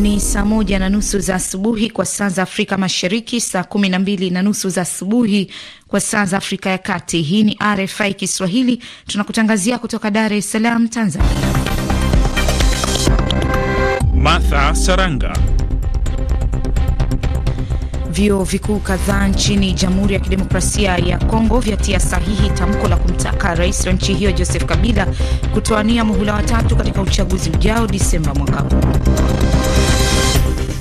Ni saa moja na nusu za asubuhi kwa saa za Afrika Mashariki, saa kumi na mbili na nusu za asubuhi kwa saa za Afrika ya Kati. Hii ni RFI Kiswahili, tunakutangazia kutoka Dar es Salaam, Tanzania. Martha Saranga. Vyuo vikuu kadhaa nchini Jamhuri ya Kidemokrasia ya Kongo vyatia sahihi tamko la kumtaka rais wa nchi hiyo Joseph Kabila kutoania muhula watatu katika uchaguzi ujao Disemba mwaka huu.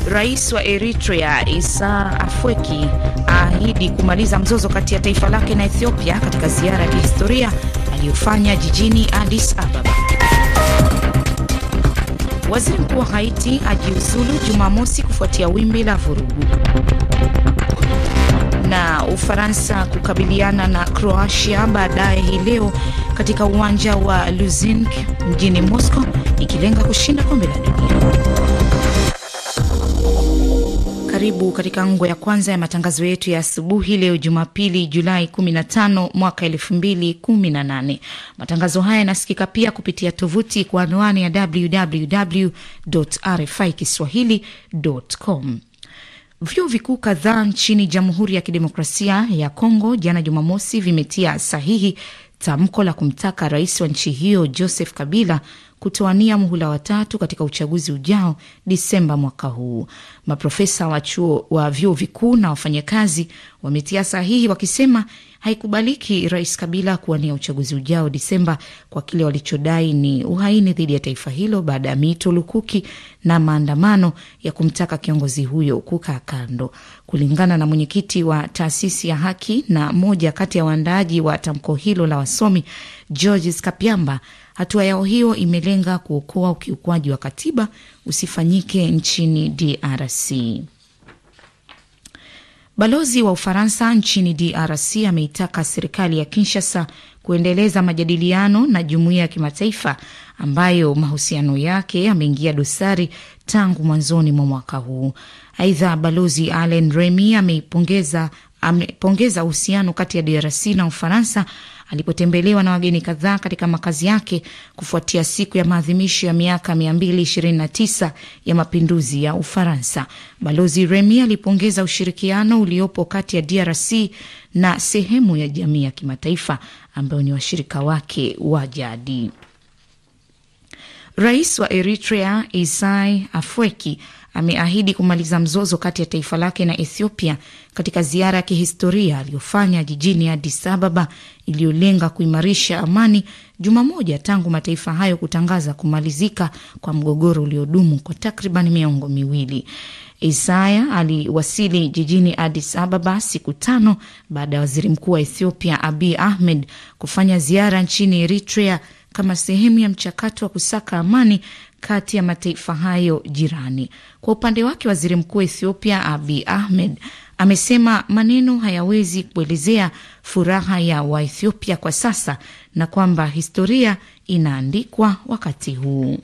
Rais wa Eritrea Isa afweki aahidi kumaliza mzozo kati ya taifa lake na Ethiopia katika ziara ya kihistoria aliyofanya jijini Addis Ababa. Waziri mkuu wa Haiti ajiuzulu Jumamosi kufuatia wimbi la vurugu. Na Ufaransa kukabiliana na Kroatia baadaye hii leo katika uwanja wa Luzhniki mjini Moscow ikilenga kushinda kombe la dunia. Karibu katika ngo ya kwanza ya matangazo yetu ya asubuhi leo Jumapili, Julai 15 mwaka 2018. Matangazo haya yanasikika pia kupitia tovuti kwa anwani ya www rfi kiswahili.com. Vyuo vikuu kadhaa nchini Jamhuri ya Kidemokrasia ya Kongo jana Jumamosi vimetia sahihi tamko la kumtaka rais wa nchi hiyo Joseph Kabila kutoania muhula watatu katika uchaguzi ujao Disemba mwaka huu. Maprofesa wa chuo wa vyuo vikuu na wafanyakazi wametia sahihi wakisema haikubaliki Rais Kabila kuwania uchaguzi ujao Disemba kwa kile walichodai ni uhaini dhidi ya taifa hilo baada ya mito lukuki na maandamano ya kumtaka kiongozi huyo kukaa kando. Kulingana na mwenyekiti wa taasisi ya haki na moja kati ya waandaaji wa tamko hilo la wasomi Georges Kapiamba, Hatua yao hiyo imelenga kuokoa ukiukwaji wa katiba usifanyike nchini DRC. Balozi wa Ufaransa nchini DRC ameitaka serikali ya Kinshasa kuendeleza majadiliano na jumuiya ya kimataifa ambayo mahusiano yake yameingia dosari tangu mwanzoni mwa mwaka huu. Aidha, balozi Alen Remy amepongeza uhusiano kati ya DRC na Ufaransa alipotembelewa na wageni kadhaa katika makazi yake kufuatia siku ya maadhimisho ya miaka 229 ya mapinduzi ya Ufaransa. Balozi Remy alipongeza ushirikiano uliopo kati ya DRC na sehemu ya jamii ya kimataifa ambayo ni washirika wake wa jadi. Rais wa Eritrea Isai Afwerki ameahidi kumaliza mzozo kati ya taifa lake na Ethiopia katika ziara ya kihistoria aliyofanya jijini Addis Ababa iliyolenga kuimarisha amani, juma moja tangu mataifa hayo kutangaza kumalizika kwa mgogoro uliodumu kwa takriban miongo miwili. Isaya aliwasili jijini Addis Ababa siku tano baada ya waziri mkuu wa Ethiopia Abiy Ahmed kufanya ziara nchini Eritrea kama sehemu ya mchakato wa kusaka amani kati ya mataifa hayo jirani. Kwa upande wake, waziri mkuu wa Ethiopia Abiy Ahmed amesema maneno hayawezi kuelezea furaha ya Waethiopia kwa sasa na kwamba historia inaandikwa wakati huu.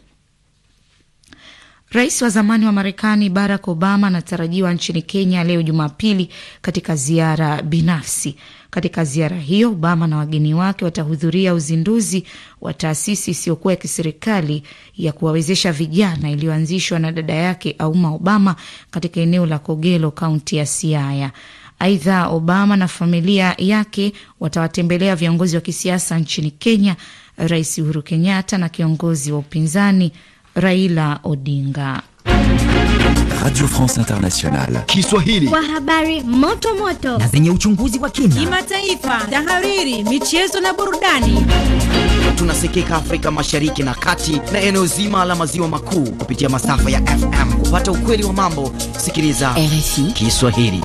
Rais wa zamani wa Marekani Barack Obama anatarajiwa nchini Kenya leo Jumapili katika ziara binafsi. Katika ziara hiyo, Obama na wageni wake watahudhuria uzinduzi wa taasisi isiyokuwa ya kiserikali ya kuwawezesha vijana iliyoanzishwa na dada yake Auma Obama katika eneo la Kogelo, kaunti ya Siaya. Aidha, Obama na familia yake watawatembelea viongozi wa kisiasa nchini Kenya, Rais Uhuru Kenyatta na kiongozi wa upinzani Raila Odinga. Radio France Internationale Kiswahili kwa habari moto moto na zenye uchunguzi wa kina, kimataifa, tahariri, michezo na burudani. Tunasikika Afrika Mashariki na Kati na eneo zima la maziwa makuu kupitia masafa ya FM. Kupata ukweli wa mambo, sikiliza RFI Kiswahili.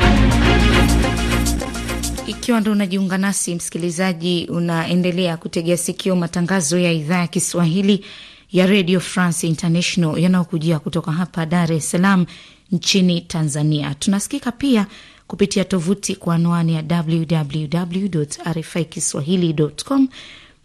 Ikiwa ndo unajiunga nasi msikilizaji, unaendelea kutegea sikio matangazo ya idhaa ya Kiswahili ya Radio France International yanayokujia kutoka hapa Dar es Salaam nchini Tanzania. Tunasikika pia kupitia tovuti kwa anwani ya www RFI kiswahilicom,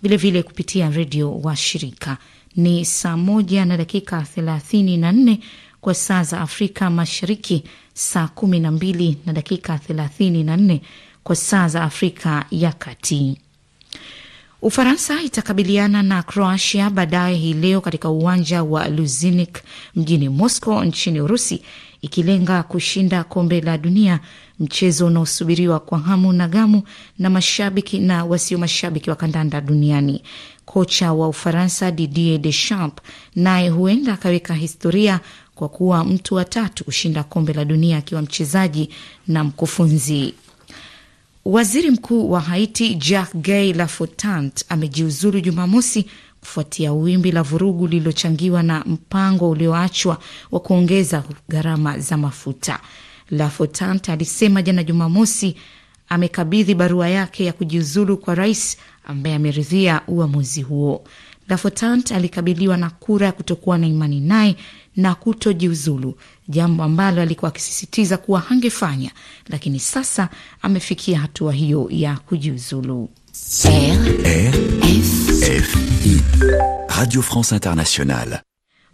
vilevile kupitia redio wa shirika. Ni saa moja na dakika thelathini na nne kwa saa za Afrika Mashariki, saa kumi na mbili na dakika thelathini na nne kwa saa za Afrika ya Kati. Ufaransa itakabiliana na Croatia baadaye hii leo katika uwanja wa Luzinik mjini Moscow nchini Urusi, ikilenga kushinda kombe la dunia, mchezo unaosubiriwa kwa hamu na gamu na mashabiki na wasio mashabiki wa kandanda duniani. Kocha wa Ufaransa Didier Deschamps naye huenda akaweka historia kwa kuwa mtu wa tatu kushinda kombe la dunia akiwa mchezaji na mkufunzi. Waziri mkuu wa Haiti jack Gay Lafotant amejiuzulu Jumamosi kufuatia wimbi la vurugu lililochangiwa na mpango ulioachwa wa kuongeza gharama za mafuta. Lafotant alisema jana Jumamosi amekabidhi barua yake ya kujiuzulu kwa rais ambaye ameridhia uamuzi huo. Lafotant alikabiliwa na kura ya kutokuwa na imani naye na kutojiuzulu, jambo ambalo alikuwa akisisitiza kuwa hangefanya, lakini sasa amefikia hatua hiyo ya kujiuzulu. RFI, Radio France Internationale.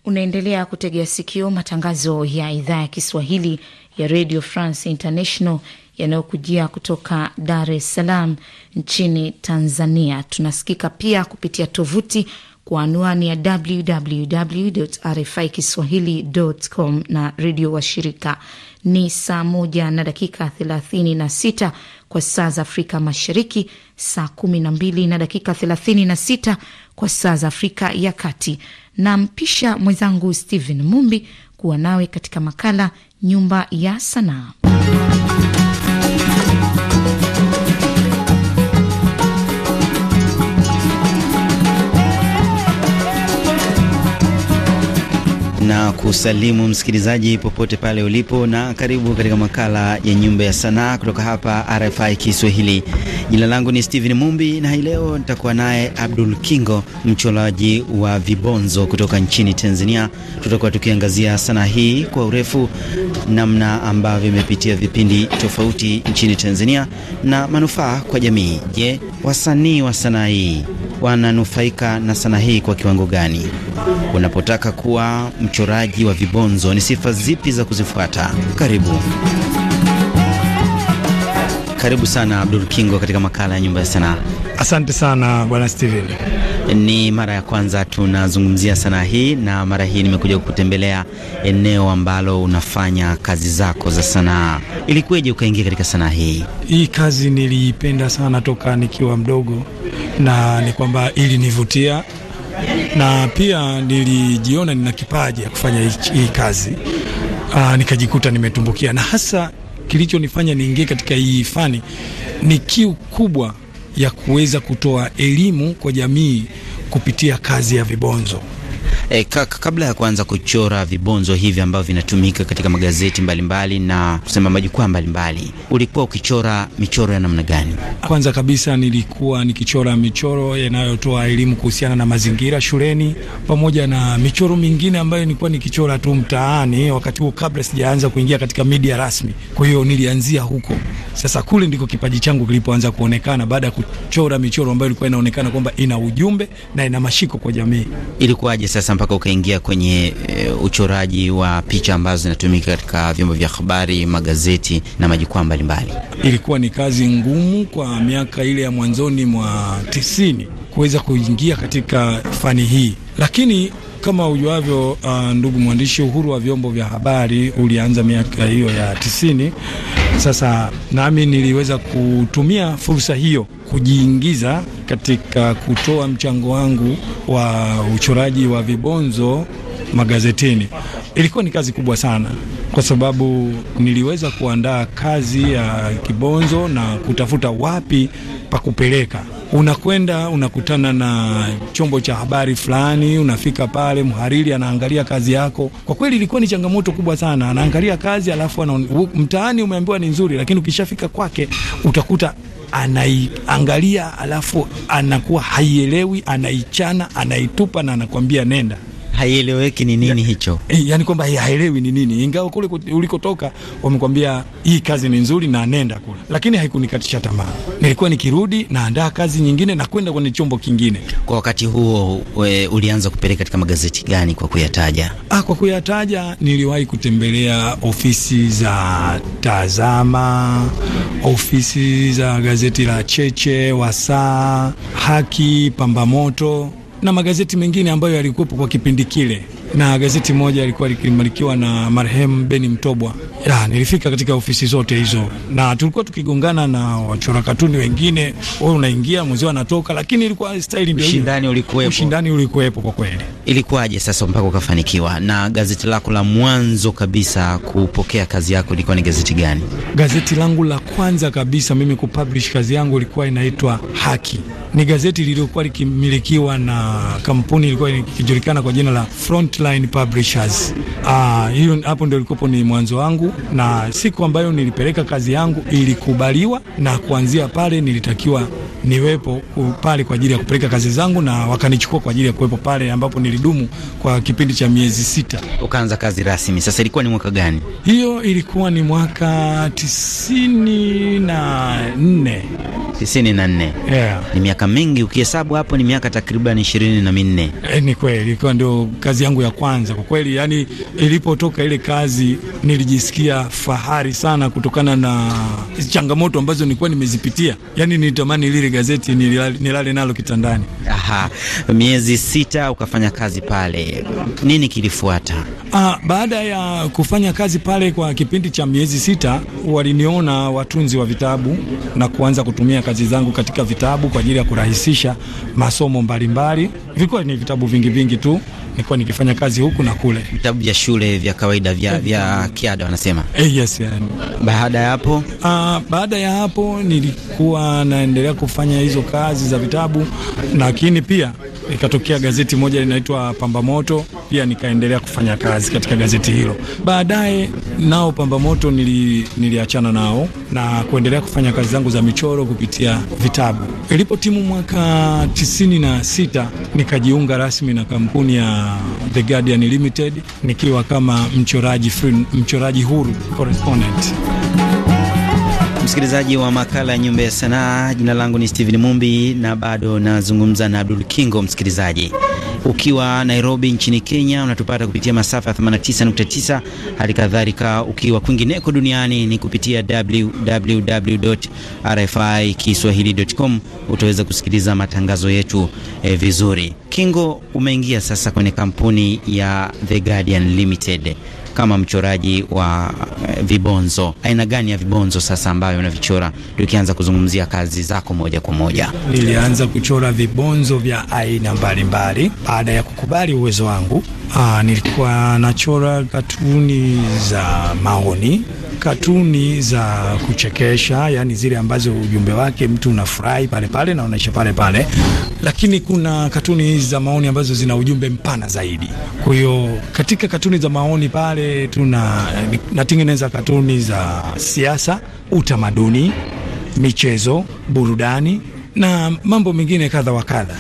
Unaendelea kutegea sikio matangazo ya idhaa ya Kiswahili ya Radio France International yanayokujia kutoka Dar es Salaam nchini Tanzania. Tunasikika pia kupitia tovuti kwa anwani ya www RFI kiswahilicom na redio wa shirika Ni saa moja na dakika 36 kwa saa za Afrika Mashariki, saa 12 na dakika 36 kwa saa za Afrika ya Kati. Nampisha mwenzangu Stephen Mumbi kuwa nawe katika makala Nyumba ya Sanaa. na kusalimu msikilizaji popote pale ulipo, na karibu katika makala ya Nyumba ya Sanaa kutoka hapa RFI Kiswahili. Jina langu ni Steven Mumbi na hii leo nitakuwa naye Abdul Kingo, mchoraji wa vibonzo kutoka nchini Tanzania. Tutakuwa tukiangazia sanaa hii kwa urefu, namna ambavyo imepitia vipindi tofauti nchini Tanzania na manufaa kwa jamii. Je, wasanii wa sanaa hii wananufaika na sanaa hii kwa kiwango gani? Unapotaka kuwa mchoraji wa vibonzo, ni sifa zipi za kuzifuata? Karibu. Karibu sana Abdul Kingo katika makala ya nyumba ya sanaa. Asante sana bwana Steven. Ni mara ya kwanza tunazungumzia sanaa hii, na mara hii nimekuja kutembelea eneo ambalo unafanya kazi zako za sanaa. Ilikuwaje ukaingia katika sanaa hii? Hii kazi niliipenda sana toka nikiwa mdogo, na ni kwamba ilinivutia na pia nilijiona nina kipaji ya kufanya hii kazi. Aa, ah, nikajikuta nimetumbukia na hasa kilichonifanya niingie katika hii fani ni kiu kubwa ya kuweza kutoa elimu kwa jamii kupitia kazi ya vibonzo. E, kabla ya kuanza kuchora vibonzo hivi ambavyo vinatumika katika magazeti mbalimbali mbali na kusema majukwaa mbalimbali, ulikuwa ukichora michoro ya namna gani? Kwanza kabisa nilikuwa nikichora michoro yanayotoa elimu kuhusiana na mazingira shuleni, pamoja na michoro mingine ambayo nilikuwa nikichora tu mtaani wakati huo, kabla sijaanza kuingia katika media rasmi. Kwa hiyo nilianzia huko. Sasa kule ndiko kipaji changu kilipoanza kuonekana, baada ya kuchora michoro ambayo ilikuwa inaonekana kwamba ina ujumbe na ina mashiko kwa jamii. Ilikuwaje sasa mpaka ukaingia kwenye e, uchoraji wa picha ambazo zinatumika katika vyombo vya habari, magazeti na majukwaa mbalimbali. Ilikuwa ni kazi ngumu kwa miaka ile ya mwanzoni mwa tisini kuweza kuingia katika fani hii, lakini kama ujuavyo, uh, ndugu mwandishi, uhuru wa vyombo vya habari ulianza miaka hiyo ya tisini sasa nami niliweza kutumia fursa hiyo kujiingiza katika kutoa mchango wangu wa uchoraji wa vibonzo magazetini. Ilikuwa ni kazi kubwa sana, kwa sababu niliweza kuandaa kazi ya kibonzo na kutafuta wapi pa kupeleka. Unakwenda unakutana na chombo cha habari fulani, unafika pale, mhariri anaangalia kazi yako. Kwa kweli ilikuwa ni changamoto kubwa sana, anaangalia kazi alafu ana mtaani, umeambiwa ni nzuri, lakini ukishafika kwake utakuta anaiangalia alafu anakuwa haielewi, anaichana, anaitupa na anakuambia nenda haieleweki ni nini ya, hicho eh, yani kwamba haelewi ni nini, ingawa kule ulikotoka wamekwambia hii kazi ni nzuri na nenda kule, lakini haikunikatisha tamaa. Nilikuwa nikirudi naandaa kazi nyingine na kwenda kwenye chombo kingine. Kwa wakati huo we, ulianza kupeleka katika magazeti gani kwa kuyataja? Ah, kwa kuyataja niliwahi kutembelea ofisi za Tazama, ofisi za gazeti la Cheche, Wasaa, Haki, Pambamoto na magazeti mengine ambayo yalikuwepo kwa kipindi kile na gazeti moja ilikuwa likimilikiwa na marehemu Beni Mtobwa. Ya, nilifika katika ofisi zote hizo na tulikuwa tukigongana na wachora katuni wengine, wewe unaingia mzee anatoka, lakini ilikuwa staili ndio ushindani ulikuwepo. Ushindani ulikuwepo kwa kweli. Ilikuwaje sasa mpaka ukafanikiwa? Na gazeti lako la mwanzo kabisa kupokea kazi yako ilikuwa ni gazeti gani? Gazeti langu la kwanza kabisa mimi kupublish kazi yangu ilikuwa inaitwa Haki. Ni gazeti lililokuwa likimilikiwa na kampuni ilikuwa ikijulikana kwa jina la Front Outline Publishers. Ah, hiyo hapo ndio ilikuwa ni mwanzo wangu, na siku ambayo nilipeleka kazi yangu ilikubaliwa, na kuanzia pale nilitakiwa niwepo pale kwa ajili ya kupeleka kazi zangu, na wakanichukua kwa ajili ya kuwepo pale, ambapo nilidumu kwa kipindi cha miezi sita. Ukaanza kazi rasmi. Sasa ilikuwa ni mwaka gani hiyo? Ilikuwa ni mwaka tisini na nne tisini na nne yeah. Ni miaka mingi ukihesabu hapo, ni miaka takriban ishirini na minne. E, ni kweli ilikuwa ndio kazi yangu ya kwanza kwa kweli. Yani ilipotoka ile kazi nilijisikia fahari sana kutokana na changamoto ambazo nilikuwa nimezipitia, yani nilitamani lile hili gazeti nilale, nilale nalo kitandani. Aha, miezi sita ukafanya kazi pale, nini kilifuata? Aa, ah, baada ya kufanya kazi pale kwa kipindi cha miezi sita, waliniona watunzi wa vitabu na kuanza kutumia kazi zangu katika vitabu kwa ajili ya kurahisisha masomo mbalimbali. Vilikuwa ni vitabu vingi vingi tu nilikuwa nikifanya kazi huku na kule, vitabu vya shule vya kawaida vya, eh. vya kiada wanasema eh, yes, yani. Baada ya hapo ah, baada ya hapo nilikuwa naendelea kufanya kufanya hizo kazi za vitabu, lakini pia ikatokea gazeti moja linaitwa Pambamoto, pia nikaendelea kufanya kazi katika gazeti hilo. Baadaye nao Pambamoto nili, niliachana nao na kuendelea kufanya kazi zangu za michoro kupitia vitabu. ilipo timu mwaka tisini na sita nikajiunga rasmi na kampuni ya The Guardian Limited nikiwa kama mchoraji free, mchoraji huru correspondent msikilizaji wa makala ya Nyumba ya Sanaa. Jina langu ni Steven Mumbi na bado nazungumza na Abdul Kingo. Msikilizaji ukiwa Nairobi nchini Kenya unatupata kupitia masafa ya 89.9, hali kadhalika ukiwa kwingineko duniani ni kupitia www.rfikiswahili.com utaweza kusikiliza matangazo yetu eh, vizuri. Kingo, umeingia sasa kwenye kampuni ya The Guardian Limited kama mchoraji wa eh, vibonzo. Aina gani ya vibonzo sasa ambayo unavichora, tukianza kuzungumzia kazi zako moja kwa moja? Nilianza kuchora vibonzo vya aina mbalimbali baada ya kukubali uwezo wangu. Aa, ah, nilikuwa nachora katuni za maoni katuni za kuchekesha, yani zile ambazo ujumbe wake mtu unafurahi pale pale na unaisha pale pale, lakini kuna katuni hizi za maoni ambazo zina ujumbe mpana zaidi. Kwa hiyo katika katuni za maoni pale tuna natengeneza katuni za siasa, utamaduni, michezo, burudani na mambo mengine kadha wa kadha.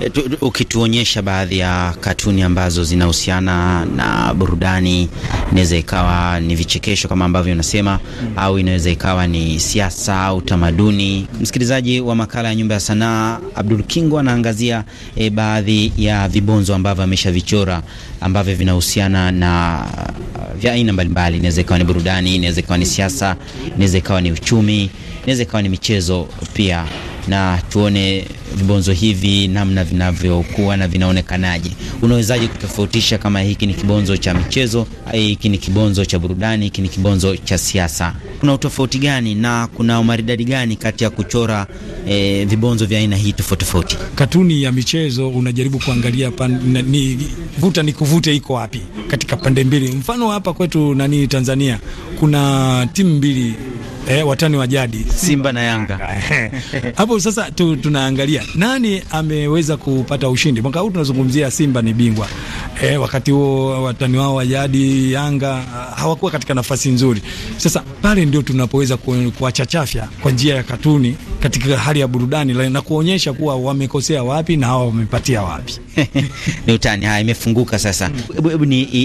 Eh, ukituonyesha baadhi ya katuni ambazo zinahusiana na burudani, inaweza ikawa ni vichekesho kama ambavyo unasema mm, au inaweza ikawa ni siasa au tamaduni. Msikilizaji wa makala ya Nyumba ya Sanaa, Abdul Kingo anaangazia e, baadhi ya vibonzo ambavyo ameshavichora ambavyo vinahusiana na uh, vya aina mbalimbali. Inaweza ikawa ni burudani, inaweza ikawa ni siasa, inaweza ikawa ni uchumi, inaweza ikawa ni michezo pia, na tuone vibonzo hivi namna vinavyokuwa na vinaonekanaje? Unawezaje kutofautisha kama hiki ni kibonzo cha michezo, eh, hiki ni kibonzo cha burudani, hiki ni kibonzo cha siasa? Kuna utofauti gani na kuna umaridadi gani kati ya kuchora e, vibonzo vya aina hii tofauti tofauti? Katuni ya michezo unajaribu kuangalia pan, na, ni, vuta ni kuvute iko wapi katika pande mbili. Mfano hapa kwetu nani Tanzania kuna timu mbili Eh, watani wa jadi Simba na Yanga hapo. Sasa tu, tunaangalia nani ameweza kupata ushindi mwaka huu? Tunazungumzia Simba ni bingwa e, wakati huo watani wao wa jadi Yanga ah, hawakuwa katika nafasi nzuri. Sasa pale ndio tunapoweza kuwachachafya kwa njia ya katuni katika hali ya burudani na kuonyesha kuwa wamekosea wapi na hawa wamepatia wapi. ni utani. Haya, imefunguka sasa. Hebu hebu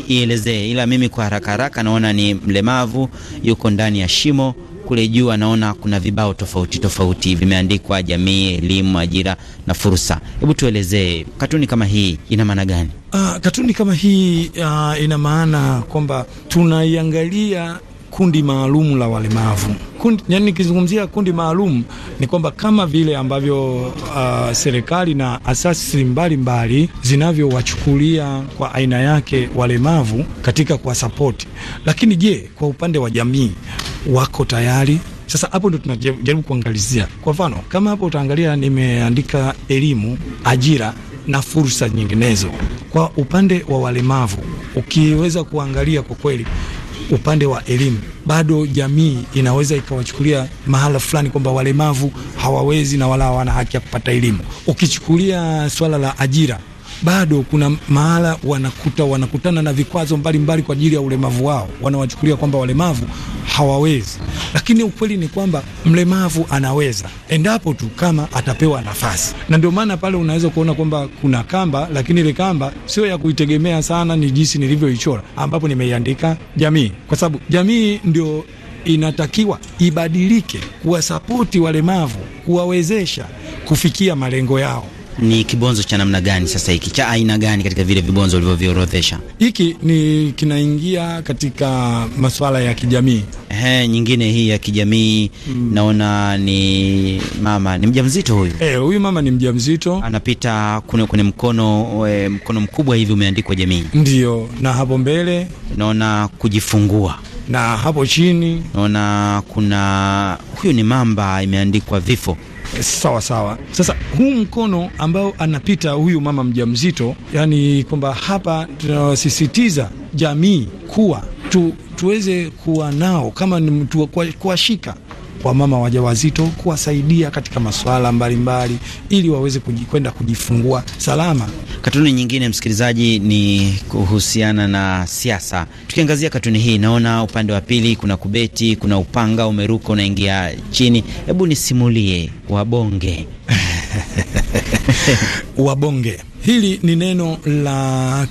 ielezee, ila mimi kwa haraka haraka naona ni mlemavu yuko ndani ya shimo kule juu anaona kuna vibao tofauti tofauti vimeandikwa jamii, elimu, ajira na fursa. Hebu tuelezee katuni kama hii ina maana gani? Uh, katuni kama hii uh, ina maana kwamba tunaiangalia kundi maalum la walemavu kundi, yani nikizungumzia kundi maalum ni kwamba kama vile ambavyo uh, serikali na asasi mbalimbali zinavyowachukulia kwa aina yake walemavu katika kuwasapoti, lakini je, kwa upande wa jamii wako tayari. Sasa hapo ndo tunajaribu kuangalizia. Kwa mfano kama hapo utaangalia, nimeandika elimu, ajira na fursa nyinginezo. Kwa upande wa walemavu, ukiweza kuangalia kwa kweli upande wa elimu bado jamii inaweza ikawachukulia mahala fulani kwamba walemavu hawawezi na wala hawana haki ya kupata elimu. Ukichukulia swala la ajira, bado kuna mahala wanakuta wanakutana na vikwazo mbalimbali kwa ajili ya ulemavu wao, wanawachukulia kwamba walemavu hawawezi, lakini ukweli ni kwamba mlemavu anaweza endapo tu kama atapewa nafasi, na ndio maana pale unaweza kuona kwamba kuna kamba, lakini ile kamba sio ya kuitegemea sana, ni jinsi nilivyoichora, ambapo nimeiandika jamii, kwa sababu jamii ndio inatakiwa ibadilike kuwasapoti walemavu, kuwawezesha kufikia malengo yao ni kibonzo cha namna gani sasa hiki cha aina gani katika vile vibonzo ulivyoviorodhesha? Hiki ni kinaingia katika masuala ya kijamii. Ehe, nyingine hii ya kijamii mm. Naona ni mama ni mjamzito huyu. Eh, huyu mama ni mjamzito anapita kune kwenye mkono we, mkono mkubwa hivi umeandikwa jamii, ndio na hapo mbele naona kujifungua na hapo chini naona kuna huyu ni mamba imeandikwa vifo Sawa sawa. Sasa huu mkono ambao anapita huyu mama mjamzito, yani kwamba hapa tunasisitiza jamii kuwa tu, tuweze kuwa nao kama kuwashika wamama wajawazito kuwasaidia katika masuala mbalimbali ili waweze kwenda kujifungua salama. Katuni nyingine msikilizaji, ni kuhusiana na siasa. Tukiangazia katuni hii, naona upande wa pili kuna kubeti, kuna upanga umeruka unaingia chini. Hebu nisimulie wabonge wabonge. Hili ni neno la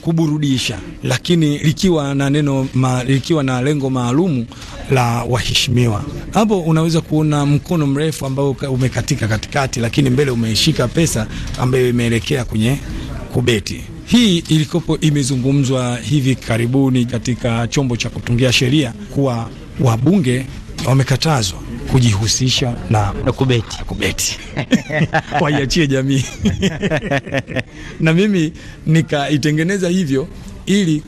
kuburudisha, lakini likiwa na neno ma, likiwa na lengo maalumu la waheshimiwa. Hapo unaweza kuona mkono mrefu ambao umekatika katikati, lakini mbele umeishika pesa ambayo imeelekea kwenye kubeti. Hii ilikopo imezungumzwa hivi karibuni katika chombo cha kutungia sheria kuwa wabunge wamekatazwa kujihusisha na, na kubeti, kubeti. waiachie jamii na mimi nikaitengeneza hivyo ili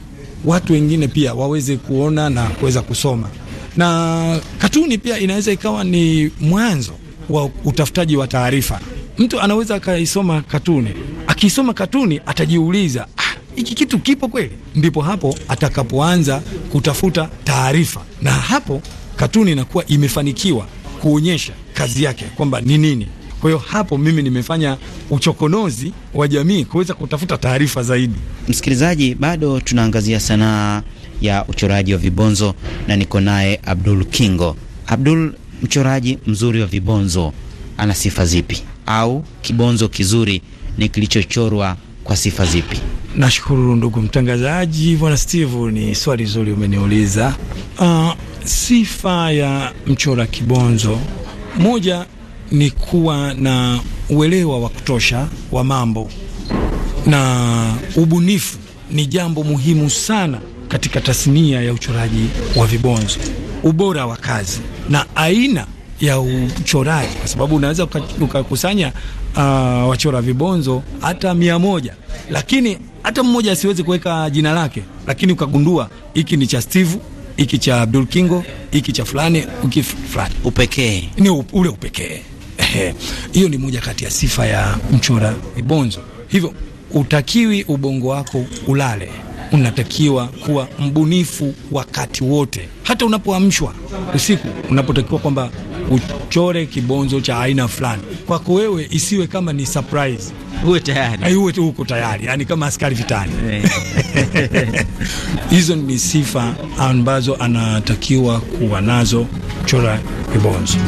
watu wengine pia waweze kuona na kuweza kusoma, na katuni pia inaweza ikawa ni mwanzo wa utafutaji wa taarifa. Mtu anaweza akaisoma katuni, akiisoma katuni atajiuliza ah, hiki kitu kipo kweli? Ndipo hapo atakapoanza kutafuta taarifa, na hapo katuni inakuwa imefanikiwa kuonyesha kazi yake kwamba ni nini. Kwa hiyo hapo mimi nimefanya uchokonozi wa jamii kuweza kutafuta taarifa zaidi. Msikilizaji, bado tunaangazia sanaa ya uchoraji wa vibonzo na niko naye Abdul Kingo. Abdul, mchoraji mzuri wa vibonzo ana sifa zipi? Au kibonzo kizuri ni kilichochorwa kwa sifa zipi? Nashukuru ndugu mtangazaji, bwana Steve, ni swali zuri umeniuliza. Uh, Sifa ya mchora kibonzo moja ni kuwa na uelewa wa kutosha wa mambo na ubunifu ni jambo muhimu sana katika tasnia ya uchoraji wa vibonzo, ubora wa kazi na aina ya uchoraji, kwa sababu unaweza ukakusanya uh, wachora vibonzo hata mia moja lakini hata mmoja asiwezi kuweka jina lake, lakini ukagundua hiki ni cha Steve hiki cha Abdul Kingo, hiki cha fulani, hiki fulani. Upekee ni ule upekee hiyo ni moja kati ya sifa ya mchora mibonzo. Hivyo utakiwi ubongo wako ulale, unatakiwa kuwa mbunifu wakati wote, hata unapoamshwa usiku, unapotakiwa kwamba uchore kibonzo cha aina fulani kwako wewe, isiwe kama ni surprise, uwe tayari, uwe uko tayari, yani kama askari vitani. Eh. Hizo ni sifa ambazo anatakiwa kuwa nazo chora kibonzo.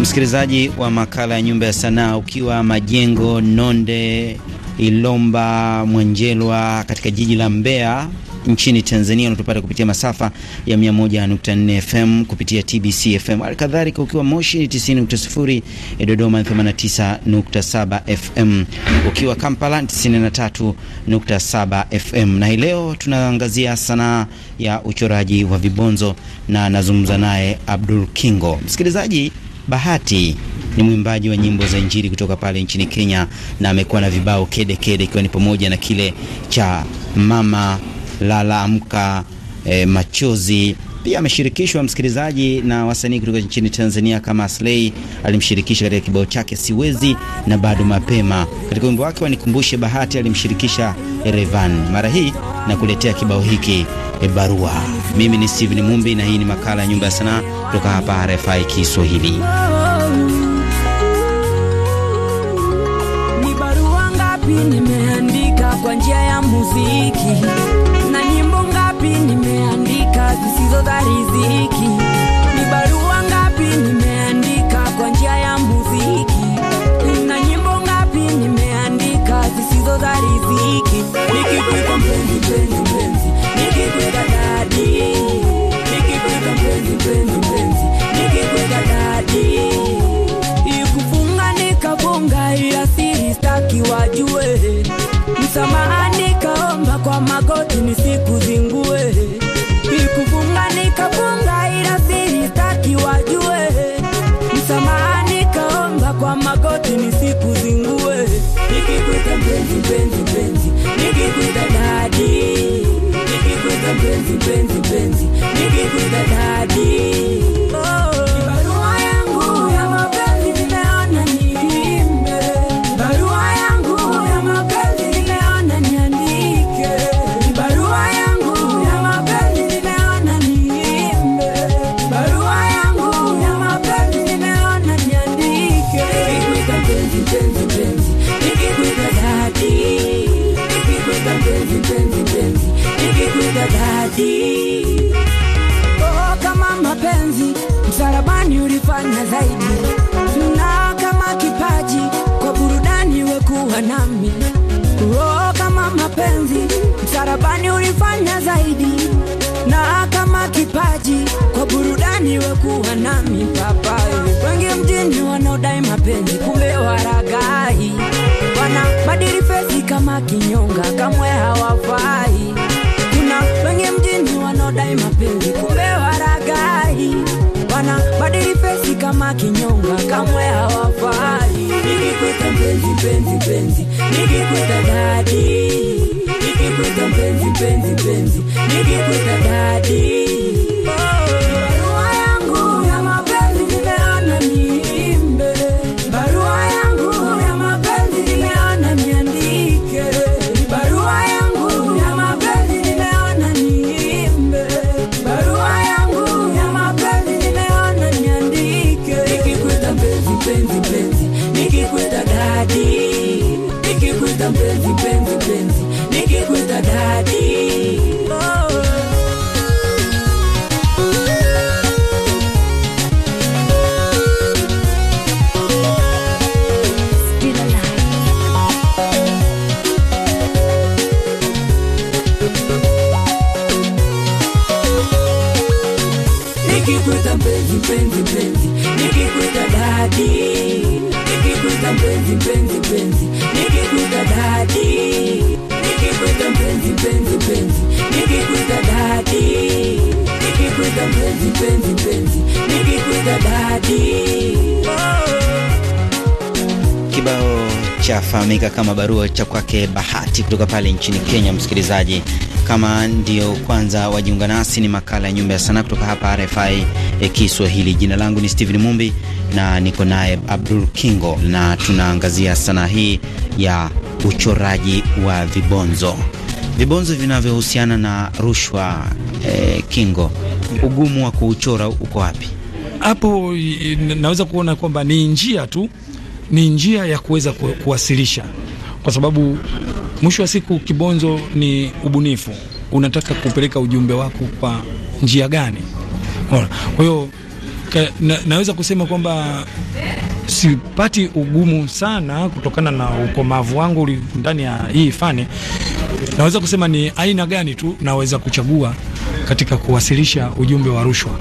Msikilizaji wa makala ya Nyumba ya Sanaa, ukiwa Majengo, Nonde, Ilomba, Mwenjelwa katika jiji la Mbeya nchini Tanzania unatupata kupitia masafa ya 101.4 FM kupitia TBC FM, halikadhalika ukiwa Moshi 90.0, Dodoma 89.7 FM, ukiwa Kampala 93.7 FM. Na hii leo tunaangazia sanaa ya uchoraji wa vibonzo na nazungumza naye Abdul Kingo. Msikilizaji, Bahati ni mwimbaji wa nyimbo za Injili kutoka pale nchini Kenya na amekuwa na vibao kede kede, ikiwa ni pamoja na kile cha mama lala amka e, eh, machozi pia ameshirikishwa msikilizaji na wasanii kutoka nchini Tanzania kama aslei alimshirikisha katika kibao chake siwezi na bado mapema. Katika wimbo wake wanikumbushe bahati alimshirikisha Erevan. Mara hii nakuletea kibao hiki e, barua. Mimi ni Steven Mumbi na hii ni makala ya Nyumba ya Sanaa kutoka hapa RFI Kiswahili. Ni barua ngapi nimeandika kwa njia ya muziki wapi nimeandika zisizodha riziki mapaji. Oh, kama mapenzi msalabani ulifanya zaidi, na kama kipaji kwa burudani wekuwa nami. Oh, kama mapenzi msalabani ulifanya zaidi, na kama kipaji kwa burudani wekuwa nami. Papa, wengi mjini wanaodai mapenzi kumbe waragai, wana wanabadili fezi kama kinyonga, kamwe hawafai naye mapenzi, kumbe waragai wanabadili fesi kama kinyonga, kamwe hawafai. Nikikuita mpenzi mpenzi mpenzi, nikikuita dadi, nikikuita mpenzi mpenzi mpenzi, nikikuita dadi inafahamika kama barua cha kwake Bahati kutoka pale nchini Kenya. Msikilizaji, kama ndio kwanza wajiunga nasi, ni makala ya Nyumba ya Sanaa kutoka hapa RFI Kiswahili. Jina langu ni Steven Mumbi na niko naye Abdul Kingo, na tunaangazia sanaa hii ya uchoraji wa vibonzo, vibonzo vinavyohusiana na rushwa. Eh, Kingo, ugumu wa kuuchora uko wapi? Hapo naweza kuona kwamba ni njia tu ni njia ya kuweza kuwasilisha, kwa sababu mwisho wa siku kibonzo ni ubunifu. Unataka kupeleka ujumbe wako kwa njia gani? Kwa hiyo na, naweza kusema kwamba sipati ugumu sana kutokana na ukomavu wangu ndani ya hii fani. Naweza kusema ni aina gani tu naweza kuchagua katika kuwasilisha ujumbe wa rushwa.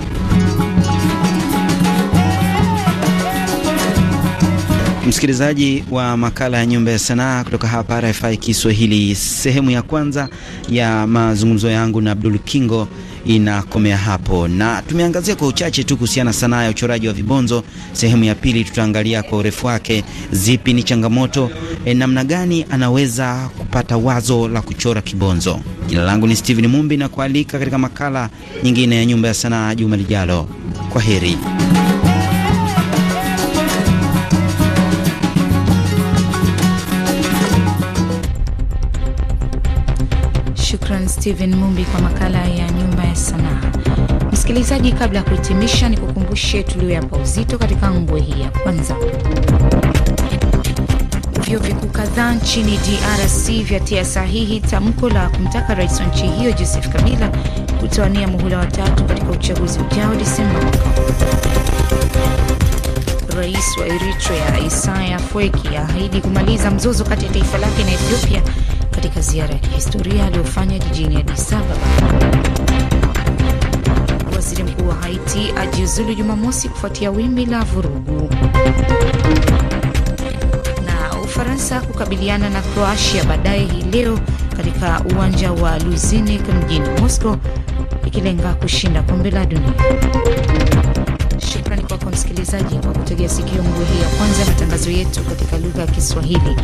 Msikilizaji wa makala ya Nyumba ya Sanaa kutoka hapa RFI Kiswahili, sehemu ya kwanza ya mazungumzo yangu na Abdul Kingo inakomea hapo, na tumeangazia kwa uchache tu kuhusiana sanaa ya uchoraji wa vibonzo. Sehemu ya pili tutaangalia kwa urefu wake, zipi ni changamoto e, namna gani anaweza kupata wazo la kuchora kibonzo. Jina langu ni Steven Mumbi na kualika katika makala nyingine ya Nyumba ya Sanaa juma lijalo. Kwa heri. Steven Mumbi kwa makala ya Nyumba ya Sanaa. Msikilizaji, kabla ya kuhitimisha, ni kukumbushe tulioyapa uzito katika ngwe hii ya kwanza. Vyuo vikuu kadhaa nchini DRC vyatia sahihi tamko la kumtaka rais wa nchi hiyo Joseph Kabila kutoania muhula watatu katika uchaguzi ujao Desemba. Rais wa Eritrea Isaya Afwerki ahidi kumaliza mzozo kati ya taifa lake na Ethiopia katika ziara ya kihistoria aliyofanya jijini Addis Ababa. Waziri mkuu wa Haiti ajiuzulu Jumamosi kufuatia wimbi la vurugu. Na Ufaransa kukabiliana na Kroatia baadaye hii leo katika uwanja wa Luziniki mjini Moscow, ikilenga kushinda kombe la dunia msikilizaji, kwa kutegea sikio nguo hii ya kwanza matangazo yetu katika lugha ya Kiswahili.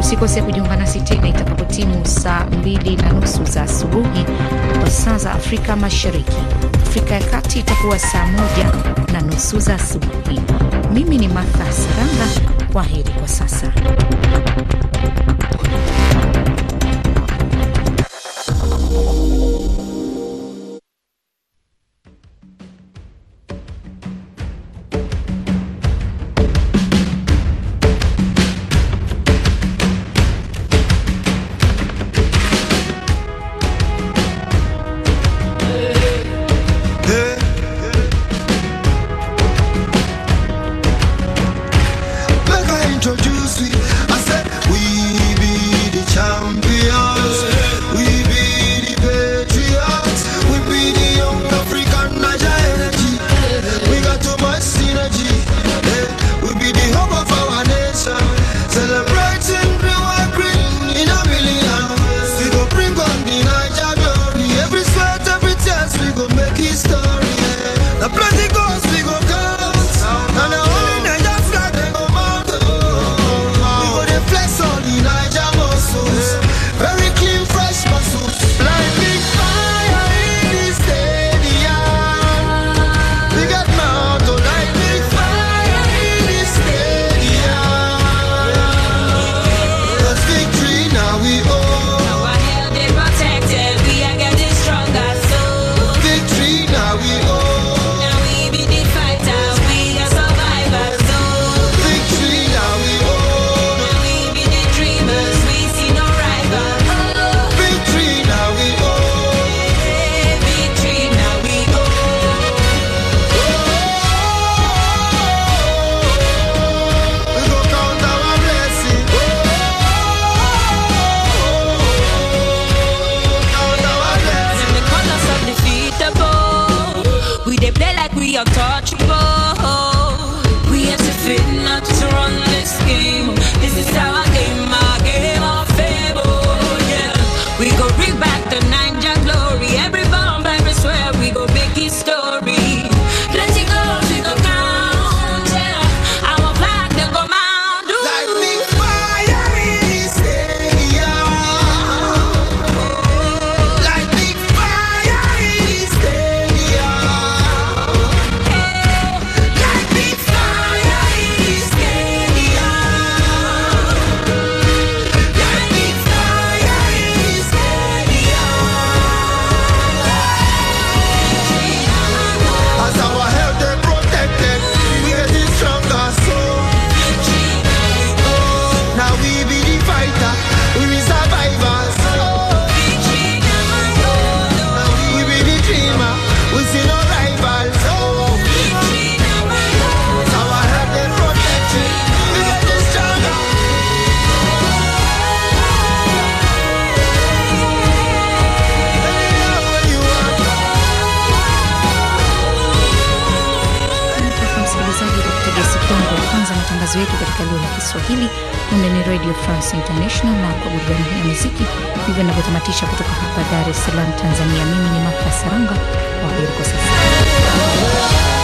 Usikose kujiunga nasi tena itakapotimu saa mbili na nusu za asubuhi kwa saa za Afrika Mashariki. Afrika ya Kati itakuwa saa moja na nusu za asubuhi. Mimi ni Martha Saranga, kwa heri kwa sasa. Krishna, na kwa burudani hii ya muziki hivyo inavyotamatisha kutoka hapa Dar es Salaam, Tanzania. Mimi ni Martha Saranga, kwaheri kwa sasa.